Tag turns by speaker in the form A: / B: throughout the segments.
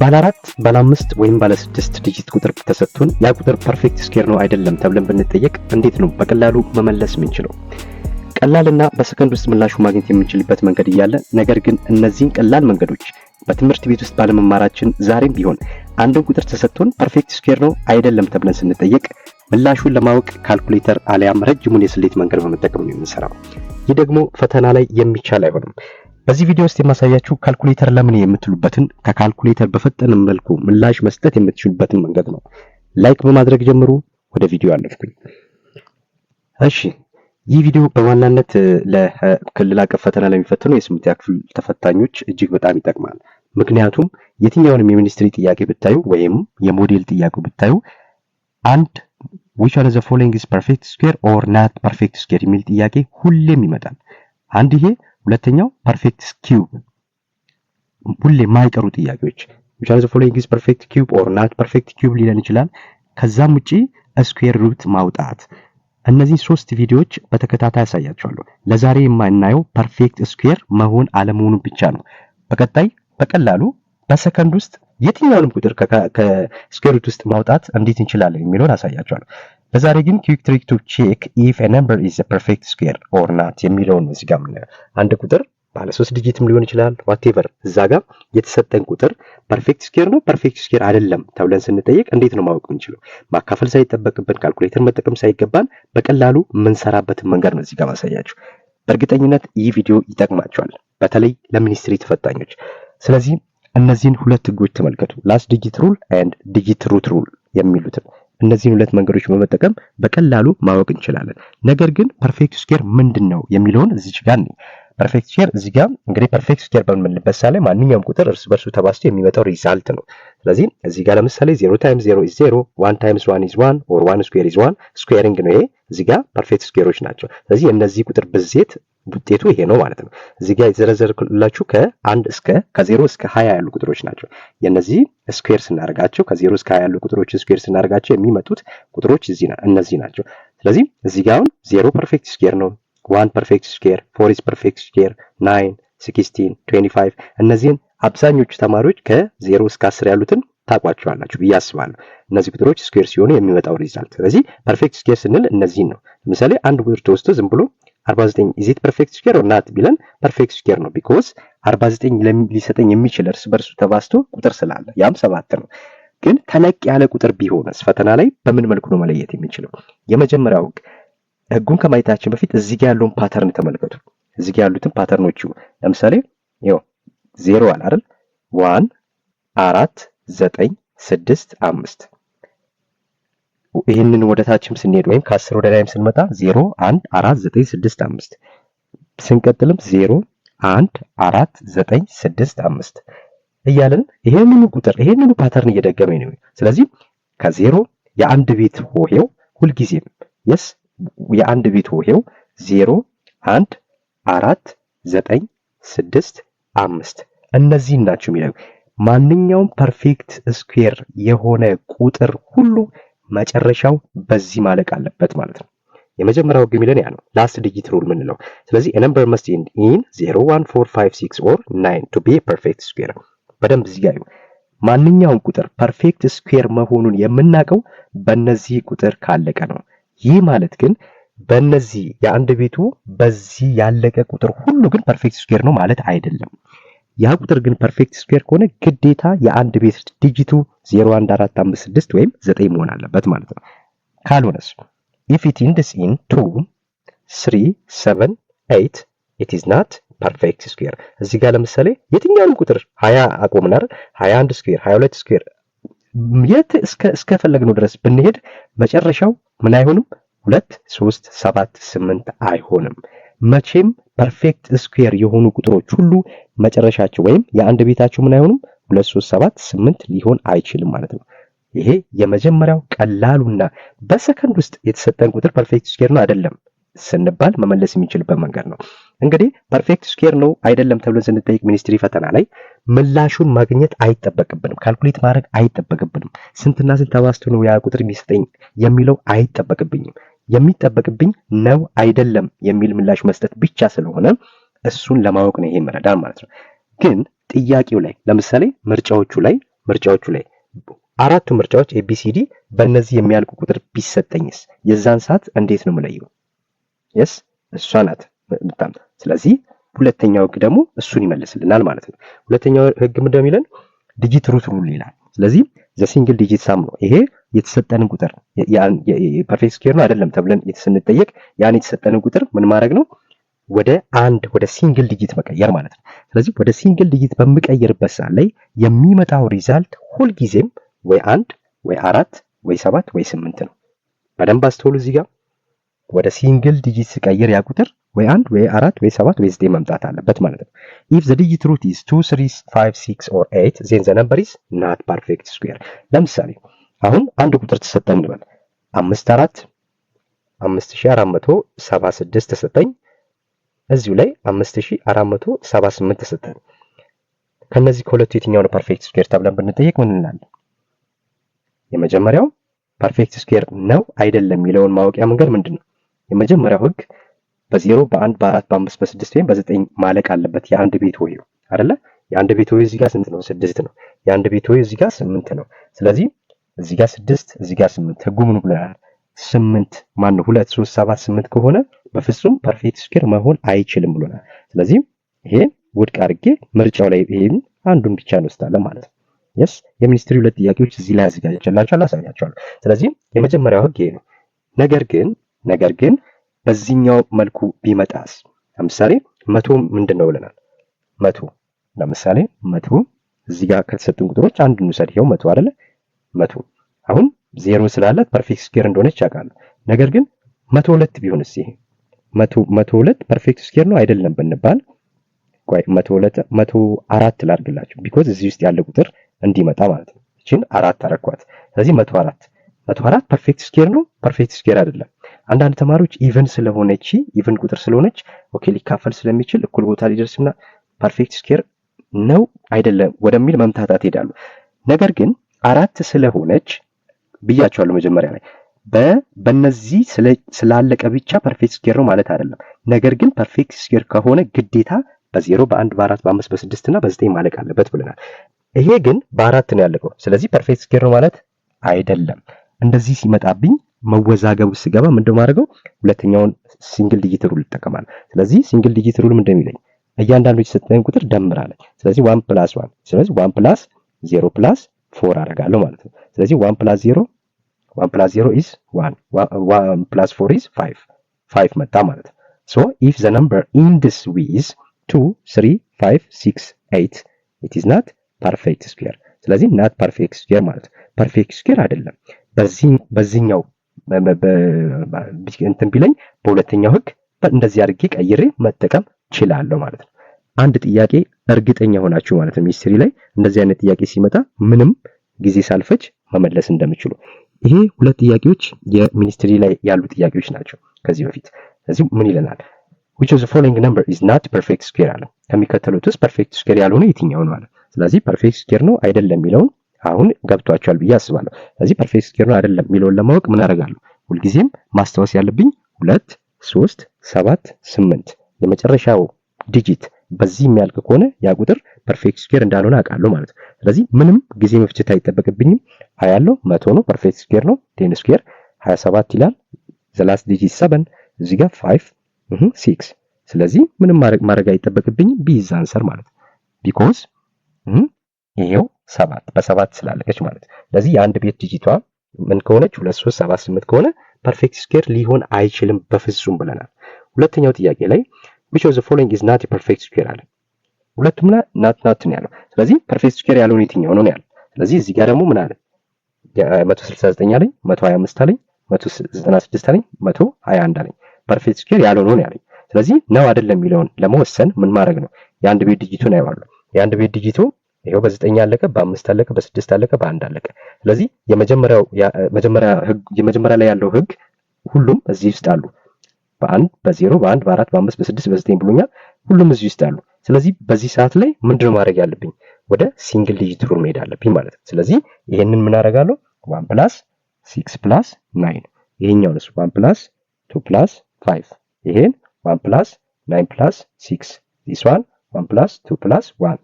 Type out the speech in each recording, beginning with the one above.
A: ባለ አራት ባለ አምስት ወይም ባለ ስድስት ዲጂት ቁጥር ተሰጥቶን ያ ቁጥር ፐርፌክት ስኬር ነው አይደለም ተብለን ብንጠየቅ እንዴት ነው በቀላሉ መመለስ የምንችለው? ቀላልና በሰከንድ ውስጥ ምላሹ ማግኘት የምንችልበት መንገድ እያለ ነገር ግን እነዚህን ቀላል መንገዶች በትምህርት ቤት ውስጥ ባለመማራችን ዛሬም ቢሆን አንድን ቁጥር ተሰጥቶን ፐርፌክት ስኬር ነው አይደለም ተብለን ስንጠየቅ ምላሹን ለማወቅ ካልኩሌተር አሊያም ረጅሙን የስሌት መንገድ በመጠቀም ነው የምንሰራው። ይህ ደግሞ ፈተና ላይ የሚቻል አይሆንም። በዚህ ቪዲዮ ውስጥ የማሳያችሁ ካልኩሌተር ለምን የምትሉበትን ከካልኩሌተር በፈጠነ መልኩ ምላሽ መስጠት የምትችሉበትን መንገድ ነው። ላይክ በማድረግ ጀምሩ። ወደ ቪዲዮ አለፍኩኝ። እሺ ይህ ቪዲዮ በዋናነት ለክልል አቀፍ ፈተና ለሚፈትኑ የስምንተኛ ክፍል ተፈታኞች እጅግ በጣም ይጠቅማል። ምክንያቱም የትኛውንም የሚኒስትሪ ጥያቄ ብታዩ ወይም የሞዴል ጥያቄ ብታዩ አንድ which one of the following is perfect square or not perfect square የሚል ጥያቄ ሁሌም ይመጣል። አንድ ይሄ ሁለተኛው ፐርፌክት ኪዩብ ሁሌ የማይቀሩ ጥያቄዎች ቻለ ፎሎዊንግ ኢዝ ፐርፌክት ኪዩብ ኦር ናት ፐርፌክት ኪዩብ ሊለን ይችላል። ከዛም ውጪ ስኩዌር ሩት ማውጣት። እነዚህ ሶስት ቪዲዮዎች በተከታታይ ያሳያቸዋለሁ። ለዛሬ የማናየው ፐርፌክት ስኩዌር መሆን አለመሆኑ ብቻ ነው። በቀጣይ በቀላሉ በሰከንድ ውስጥ የትኛውንም ቁጥር ከስኩዌር ሩት ውስጥ ማውጣት እንዴት እንችላለን የሚለውን አሳያቸዋለሁ። በዛሬ ግን ኩዊክ ትሪክ ቱ ቼክ ኢፍ ነምበር ኢዝ ፐርፌክት ስኩዌር ኦር ናት የሚለውን እዚህ ጋር አንድ ቁጥር ባለ ሶስት ዲጂትም ሊሆን ይችላል ዋቴቨር እዛ ጋር የተሰጠን ቁጥር ፐርፌክት ስኩዌር ነው ፐርፌክት ስኩዌር አይደለም ተብለን ስንጠየቅ እንዴት ነው ማወቅ የምንችለው? ማካፈል ሳይጠበቅብን ካልኩሌተር መጠቀም ሳይገባን በቀላሉ የምንሰራበትን መንገድ ነው እዚህ ጋር ማሳያችሁ። በእርግጠኝነት ይህ ቪዲዮ ይጠቅማቸዋል በተለይ ለሚኒስትሪ ተፈታኞች። ስለዚህ እነዚህን ሁለት ህጎች ተመልከቱ፣ ላስት ዲጂት ሩል ኤንድ ዲጂት ሩት ሩል የሚሉትን እነዚህን ሁለት መንገዶች በመጠቀም በቀላሉ ማወቅ እንችላለን። ነገር ግን ፐርፌክት ስኩዌር ምንድን ነው የሚለውን እዚች ጋር ነው። ፐርፌክት ስኩዌር እዚህ ጋር እንግዲህ ፐርፌክት ስኩዌር በምንልበት ላይ ማንኛውም ቁጥር እርስ በርሱ ተባስቶ የሚመጣው ሪዛልት ነው። ስለዚህ እዚህ ጋር ለምሳሌ 0 ታይምስ 0 ኢዝ 0፣ 1 ታይምስ 1 ኢዝ 1 ኦር 1 ስኩዌር ኢዝ 1 ስኩዌሪንግ ነው። ይሄ እዚህ ጋር ፐርፌክት ስኩዌሮች ናቸው። ስለዚህ የእነዚህ ቁጥር ብዜት ውጤቱ ይሄ ነው ማለት ነው። እዚህ ጋር የዘረዘርኩላችሁ ከአንድ እስከ ከዜሮ እስከ ሀያ ያሉ ቁጥሮች ናቸው። የነዚህ ስኩዌር ስናደርጋቸው ከዜሮ እስከ ሀያ ያሉ ቁጥሮች ስኩዌር ስናደርጋቸው የሚመጡት ቁጥሮች እነዚህ ናቸው። ስለዚህ እዚህ ጋር አሁን ዜሮ ፐርፌክት ስኩዌር ነው። ዋን ፐርፌክት ስኩዌር፣ ፎር ኢዝ ፐርፌክት ስኩዌር፣ ናይን፣ ሲክስቲን፣ ትዌንቲ ፋይቭ እነዚህን አብዛኞቹ ተማሪዎች ከዜሮ እስከ አስር ያሉትን ታቋቸዋላችሁ ብዬ አስባለሁ። እነዚህ ቁጥሮች ስኩዌር ሲሆኑ የሚመጣው ሪዛልት። ስለዚህ ፐርፌክት ስኩዌር ስንል እነዚህን ነው። ለምሳሌ አንድ ቁጥር ተወስቶ ዝም ብሎ 49 ኢዚት ፐርፌክት ስኩዌር ኦር ናት ቢለን ፐርፌክት ስኩዌር ነው። ቢኮዝ 49 ሊሰጠኝ የሚችል እርስ በርሱ ተባዝቶ ቁጥር ስላለ ያም ሰባት ነው። ግን ተለቅ ያለ ቁጥር ቢሆንስ ፈተና ላይ በምን መልኩ ነው መለየት የሚችለው? የመጀመሪያው ህጉን ከማየታችን በፊት እዚህ ጋር ያለውን ፓተርን ተመልከቱ። እዚህ ጋር ያሉትን ፓተርኖቹ ለምሳሌ ይኸው ዜሮ አለ አይደል? ዋን አራት ዘጠኝ ስድስት አምስት ይህንን ታችም ስንሄድ ወይም ከአስር ወደ ላይም ስንመጣ ዜሮ አንድ አራት ዘጠኝ ስድስት አምስት ስንቀጥልም ዜሮ አንድ አራት ዘጠኝ ስድስት አምስት እያለን ይሄንኑ ቁጥር ይሄንኑ ፓተርን እየደገመ ነው። ስለዚህ ከዜሮ የአንድ ቤት ሆሄው ሁልጊዜም የስ የአንድ ቤት ሆሄው ዜሮ አንድ አራት ዘጠኝ ስድስት አምስት እነዚህን ናቸው የሚለው ማንኛውም ፐርፌክት ስኩዌር የሆነ ቁጥር ሁሉ መጨረሻው በዚህ ማለቅ አለበት ማለት ነው። የመጀመሪያው ህግ የሚለን ያ ነው፣ ላስት ዲጂት ሩል ምንለው። ስለዚህ ነምበር መስት ኢንድ ኢን 01456 ኦር 9 ቱ ቢ ፐርፌክት ስኩዌር። በደንብ እዚህ ጋር ማንኛውም ቁጥር ፐርፌክት ስኩዌር መሆኑን የምናውቀው በነዚህ ቁጥር ካለቀ ነው። ይህ ማለት ግን በነዚህ የአንድ ቤቱ በዚህ ያለቀ ቁጥር ሁሉ ግን ፐርፌክት ስኩዌር ነው ማለት አይደለም። ያ ቁጥር ግን ፐርፌክት ስኩዌር ከሆነ ግዴታ የአንድ ቤት ዲጂቱ 01456 ወይም 9 መሆን አለበት ማለት ነው። ካልሆነስ if it ends in 2 3 7 8 it is not perfect square እዚህ ጋር ለምሳሌ የትኛውንም ቁጥር 20 አቆምናል 21 ስኩዌር 22 ስኩዌር የት እስከ እስከ ፈለግነው ድረስ ብንሄድ መጨረሻው ምን አይሆንም? 2 3 7 8 አይሆንም። መቼም ፐርፌክት ስኩዌር የሆኑ ቁጥሮች ሁሉ መጨረሻቸው ወይም የአንድ ቤታቸው ምን አይሆኑም 2 3 7 8 ሊሆን አይችልም ማለት ነው። ይሄ የመጀመሪያው ቀላሉና በሰከንድ ውስጥ የተሰጠን ቁጥር ፐርፌክት ስኩዌር ነው አይደለም ስንባል መመለስ የሚችልበት መንገድ ነው። እንግዲህ ፐርፌክት ስኩዌር ነው አይደለም ተብለን ስንጠይቅ ሚኒስትሪ ፈተና ላይ ምላሹን ማግኘት አይጠበቅብንም፣ ካልኩሌት ማድረግ አይጠበቅብንም። ስንትና ስንት ተባዝቶ ነው ያ ቁጥር የሚሰጠኝ የሚለው አይጠበቅብኝም። የሚጠበቅብኝ ነው አይደለም የሚል ምላሽ መስጠት ብቻ ስለሆነ እሱን ለማወቅ ነው ይሄ ይረዳል ማለት ነው። ግን ጥያቄው ላይ ለምሳሌ ምርጫዎቹ ላይ ምርጫዎቹ ላይ አራቱ ምርጫዎች ኤቢሲዲ በእነዚህ የሚያልቁ ቁጥር ቢሰጠኝስ የዛን ሰዓት እንዴት ነው የምለየው? የስ እሷ ናት በጣም ስለዚህ ሁለተኛው ህግ ደግሞ እሱን ይመልስልናል ማለት ነው። ሁለተኛው ህግ እንደሚለን ዲጂት ሩት ሩል ይላል። ስለዚህ ዘ ሲንግል ዲጂት ሳም ነው ይሄ የተሰጠንን ቁጥር ፐርፌክት ስኩዌር ነው አይደለም ተብለን ስንጠየቅ ያን የተሰጠንን ቁጥር ምን ማድረግ ነው ወደ አንድ ወደ ሲንግል ዲጂት መቀየር ማለት ነው። ስለዚህ ወደ ሲንግል ዲጂት በምቀየርበት ሰዓት ላይ የሚመጣው ሪዛልት ሁልጊዜም ወይ አንድ ወይ አራት ወይ ሰባት ወይ ስምንት ነው። በደንብ አስተውሉ። እዚህ ጋር ወደ ሲንግል ዲጂት ስቀይር ያ ቁጥር ወይ አንድ ወይ አራት ወይ ሰባት ወይ ዘጠኝ መምጣት አለበት ማለት ነው። ኢፍ ዘ ዲጂት ሩት ኢዝ ቱ ስሪ ፋይቭ ሲክስ ኦር ኤይት ዜን ዘ ነምበር ኢዝ ናት ፐርፌክት ስኩዌር። ለምሳሌ አሁን አንድ ቁጥር ተሰጠ እንበል አምስት አራት አምስት ሺህ አራት መቶ ሰባ ስድስት ተሰጠኝ። እዚሁ ላይ አምስት ሺህ አራት መቶ ሰባ ስምንት ተሰጠን። ከነዚህ ከሁለቱ የትኛው ነው ፐርፌክት ስኩዌር ተብለን ብንጠየቅ ምን እንላለን? የመጀመሪያው ፐርፌክት ስኩዌር ነው አይደለም የሚለውን ማወቂያ መንገድ ምንድን ነው? የመጀመሪያው ህግ በዜሮ በአንድ በአራት በአምስት በስድስት ወይም በዘጠኝ ማለቅ አለበት የአንድ ቤት ወይ አይደለ? የአንድ ቤት ወይ እዚህ ጋር ስንት ነው? ስድስት ነው። የአንድ ቤት ወይ እዚህ ጋር ስምንት ነው። ስለዚህ እዚህ ጋር ስድስት እዚህ ጋር ስምንት ህጉ ምን ብለናል? ስምንት ማን ነው ሁለት ሶስት ሰባት ስምንት ከሆነ በፍጹም ፐርፌክት ስኩዌር መሆን አይችልም ብሎናል። ስለዚህ ይሄ ውድቅ አድርጌ ምርጫው ላይ ይሄን አንዱን ብቻ እንወስዳለን ማለት ነው። የስ የሚኒስትሪ ሁለት ጥያቄዎች እዚህ ላይ አዘጋጀላቸው አላሳያቸዋል። ስለዚህ የመጀመሪያው ህግ ይሄ ነው። ነገር ግን ነገር ግን በዚህኛው መልኩ ቢመጣስ ለምሳሌ መቶ ምንድን ነው ብለናል? መቶ ለምሳሌ መቶ እዚህ ጋር ከተሰጡን ቁጥሮች አንድ ውሰድ። ይኸው መቶ አይደለ መቶ አሁን ዜሮ ስላላት ፐርፌክት ስኬር እንደሆነች ያውቃሉ። ነገር ግን መቶ ሁለት ቢሆንስ ይሄ መቶ ሁለት ፐርፌክት ስኬር ነው አይደለም ብንባል መቶ አራት ላድርግላችሁ ቢኮዝ እዚህ ውስጥ ያለ ቁጥር እንዲመጣ ማለት ነው። እቺን አራት አረኳት። ስለዚህ መቶ አራት መቶ አራት ፐርፌክት ስኬር ነው ፐርፌክት ስኬር አይደለም። አንዳንድ ተማሪዎች ኢቨን ስለሆነች ኢቨን ቁጥር ስለሆነች ኦኬ ሊካፈል ስለሚችል እኩል ቦታ ሊደርስና ፐርፌክት ስኬር ነው አይደለም ወደሚል መምታታት ይሄዳሉ። ነገር ግን አራት ስለሆነች ብያቸዋለሁ መጀመሪያ ላይ በነዚህ ስላለቀ ብቻ ፐርፌክት ስኬር ነው ማለት አይደለም። ነገር ግን ፐርፌክት ስኬር ከሆነ ግዴታ በዜሮ በአንድ በአራት በአምስት በስድስት እና በዘጠኝ ማለቅ አለበት ብለናል። ይሄ ግን በአራት ነው ያለቀው። ስለዚህ ፐርፌክት ስኬር ነው ማለት አይደለም። እንደዚህ ሲመጣብኝ መወዛገብ ስገባ ምንድን ማድረገው ሁለተኛውን ሲንግል ዲጂት ሩል ይጠቀማል። ስለዚህ ሲንግል ዲጂት ሩል ምንድን ይለኝ እያንዳንዱ የተሰጠኝ ቁጥር ደምራለኝ። ስለዚህ ዋን ፕላስ ዋን ስለዚህ ዋን ፕላስ ዜሮ ፕላስ ፎር አደርጋለሁ ማለት ነው። ስለዚህ ዋን ፕላስ ዜሮ ዋን ፕላስ ዜሮ ኢዝ ዋን ዋን ፕላስ ፎር ኢዝ ፋይቭ ፋይቭ መጣ ማለት ነው። ሶ ኢፍ ዘ ነምበር ኢን ዲስ ዌይ ኢዝ ቱ ስሪ ፋይቭ ሲክስ ኤይት ኢት ኢዝ ናት ፐርፌክት ስኩዌር። ስለዚህ ናት ፐርፌክት ስኩዌር ማለት ነው። ፐርፌክት ስኩዌር አይደለም። በዚህኛው እንትን ቢለኝ በሁለተኛው ህግ እንደዚህ አድርጌ ቀይሬ መጠቀም ችላለሁ ማለት ነው። አንድ ጥያቄ እርግጠኛ ሆናችሁ ማለት ነው ሚኒስትሪ ላይ እንደዚህ አይነት ጥያቄ ሲመጣ ምንም ጊዜ ሳልፈጅ መመለስ እንደምችሉ። ይሄ ሁለት ጥያቄዎች የሚኒስትሪ ላይ ያሉ ጥያቄዎች ናቸው። ከዚህ በፊት ስለዚህ ምን ይለናል? which of the following number is not perfect square አለ። ከሚከተሉት ውስጥ ፐርፌክት ስኩዌር ያልሆነ የትኛው ነው አለ። ስለዚህ ፐርፌክት square ነው አይደለም የሚለውን አሁን ገብቷቸዋል ብዬ አስባለሁ። ስለዚህ perfect square ነው አይደለም የሚለውን ለማወቅ ምን አደርጋለሁ? ሁልጊዜም ማስታወስ ያለብኝ ሁለት፣ ሶስት፣ ሰባት፣ ስምንት የመጨረሻው ዲጂት በዚህ የሚያልቅ ከሆነ ያ ቁጥር ፐርፌክት ስኩዌር እንዳልሆነ አውቃለሁ ማለት ነው። ስለዚህ ምንም ጊዜ መፍጀት አይጠበቅብኝም። ሀያ ያለው መቶ ነው፣ ፐርፌክት ስኩዌር ነው። ቴን ስኩዌር 27 ይላል። ዘላስ ዲጂት 7 እዚህ ጋር 5 ሲክስ። ስለዚህ ምንም ማድረግ አይጠበቅብኝም። ቢ ኢዝ አንሰር ማለት ቢኮዝ ይሄው ሰባት በሰባት ስላለቀች ማለት ስለዚህ የአንድ ቤት ዲጂቷ ምን ከሆነች ሁለት ሶስት ሰባት ስምንት ከሆነ ፐርፌክት ስኩዌር ሊሆን አይችልም በፍጹም ብለናል። ሁለተኛው ጥያቄ ላይ the following is not a perfect square አለ። ሁለቱም ላይ ናት ናት ነው ያለው። ስለዚህ ፐርፌክት ስኩዌር ያልሆነ የትኛው ነው ያለው። ስለዚህ እዚህ ጋር ደግሞ ምን አለ? 169 አለኝ፣ 125 አለኝ፣ 196 አለኝ፣ 121 አለኝ። perfect square ያልሆነ ነው ያለኝ። ስለዚህ ነው አይደለም የሚለውን ለመወሰን ምን ማድረግ ነው? የአንድ ቤት ዲጂቱ ነው አይባሉ የአንድ ቤት ዲጂቱ ይሄው በዘጠኝ አለቀ፣ በአምስት አለቀ፣ በስድስት አለቀ፣ በአንድ አለቀ። ስለዚህ የመጀመሪያው የመጀመሪያ ላይ ያለው ህግ ሁሉም እዚህ ውስጥ አሉ። በአንድ በዜሮ በአንድ በአራት በአምስት በስድስት በዘጠኝ ብሎኛል። ሁሉም እዚህ ውስጥ አሉ። ስለዚህ በዚህ ሰዓት ላይ ምንድነው ማድረግ ያለብኝ? ወደ ሲንግል ዲጂት ሩል መሄድ አለብኝ ማለት ነው። ስለዚህ ይሄንን ምን አደርጋለሁ? ዋን ፕላስ ሲክስ ፕላስ ናይን ይሄኛው ነሱ ዋን ፕላስ ቱ ፕላስ ፋይቭ ይሄን ዋን ፕላስ ናይን ፕላስ ሲክስ ዲስ ዋን ዋን ፕላስ ቱ ፕላስ ዋን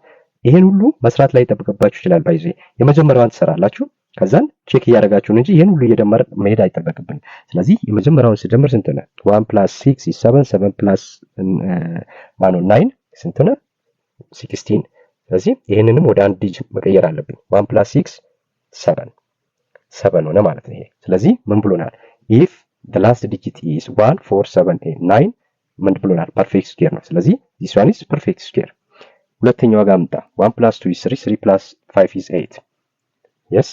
A: ይሄን ሁሉ መስራት ላይ ይጠብቅባችሁ ይችላል። ባይዜ የመጀመሪያዋን ትሰራላችሁ ከዛን ቼክ ነው እንጂ ይህን ሁሉ እየደመረ መሄድ አይጠበቅብን። ስለዚህ የመጀመሪያውን ስጀምር ስንት ነ? ዋን ፕላስ ሲክስ ሰቨን፣ ሰቨን ፕላስ ማኖ ናይን ስንት ነ? ሲክስቲን። ስለዚህ ይህንንም ወደ አንድ ጅ መቀየር አለብኝ። ዋን ፕላስ ሲክስ ሰቨን፣ ሰቨን ሆነ ማለት ነው ይሄ። ስለዚህ ምን ብሎናል? ኢፍ ላስት ዲጂት ኢዝ ዋን ፎር ሰቨን ናይን ምን ብሎናል? ፐርፌክት ስኩዌር ነው። ስለዚህ ዚስ ዋን ኢዝ ፐርፌክት ስኩዌር። ሁለተኛዋ ጋር ምጣ። ዋን ፕላስ ቱ ኢዝ ስሪ፣ ስሪ ፕላስ ፋይቭ ኢዝ ኤይት። የስ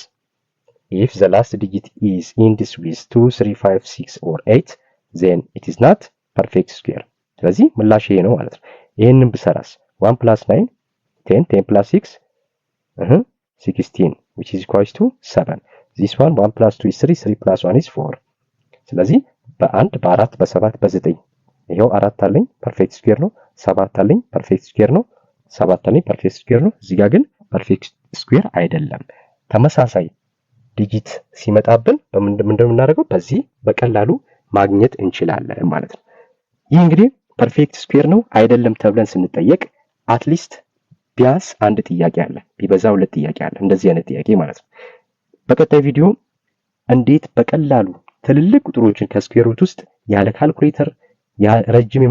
A: if the last digit is in this ዊዝ 2 3 5 6 or 8 then it is not perfect square ስለዚህ ምላሽ ይሄ ነው ማለት ነው። ይህንን ብሰራስ 1 plus 9 10 10 plus 6 16 which is equals to 7 this one 1 plus 2 is 3 3 plus 1 is 4 ስለዚህ በአንድ በአራት በሰባት በዘጠኝ ይሄው አራት አለኝ ፐርፌክት ስኩዌር ነው። ሰባት አለኝ ፐርፌክት ስኩዌር ነው። ሰባት አለኝ ፐርፌክት ስኩዌር ነው። እዚህ ጋር ግን ፐርፌክት ስኩዌር አይደለም ተመሳሳይ ዲጂት ሲመጣብን ምንድን የምናደርገው በዚህ በቀላሉ ማግኘት እንችላለን ማለት ነው። ይህ እንግዲህ ፐርፌክት ስኩዌር ነው አይደለም ተብለን ስንጠየቅ አትሊስት ቢያንስ አንድ ጥያቄ አለ፣ ቢበዛ ሁለት ጥያቄ አለ። እንደዚህ አይነት ጥያቄ ማለት ነው። በቀጣይ ቪዲዮ እንዴት በቀላሉ ትልልቅ ቁጥሮችን ከስኩዌር ሩት ውስጥ ያለ ካልኩሌተር ረጅም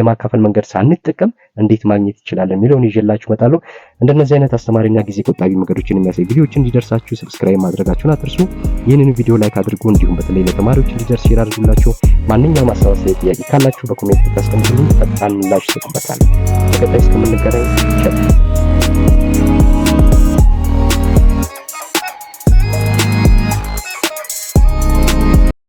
A: የማካፈል መንገድ ሳንጠቀም እንዴት ማግኘት ይችላል የሚለውን ይዤላችሁ እመጣለሁ። እንደነዚህ አይነት አስተማሪና ጊዜ ቆጣቢ መንገዶችን የሚያሳይ ቪዲዮዎች እንዲደርሳችሁ ሰብስክራይብ ማድረጋችሁን አትርሱ። ይህንን ቪዲዮ ላይክ አድርጉ፣ እንዲሁም በተለይ ለተማሪዎች እንዲደርስ ሼር አድርጉላቸው። ማንኛውም ሀሳብ ጥያቄ ካላችሁ በኮሜንት ብታስቀምጡልኝ ፈጣን ምላሽ እሰጥበታለሁ። በቀጣይ እስከምንገናኝ ይቻላል።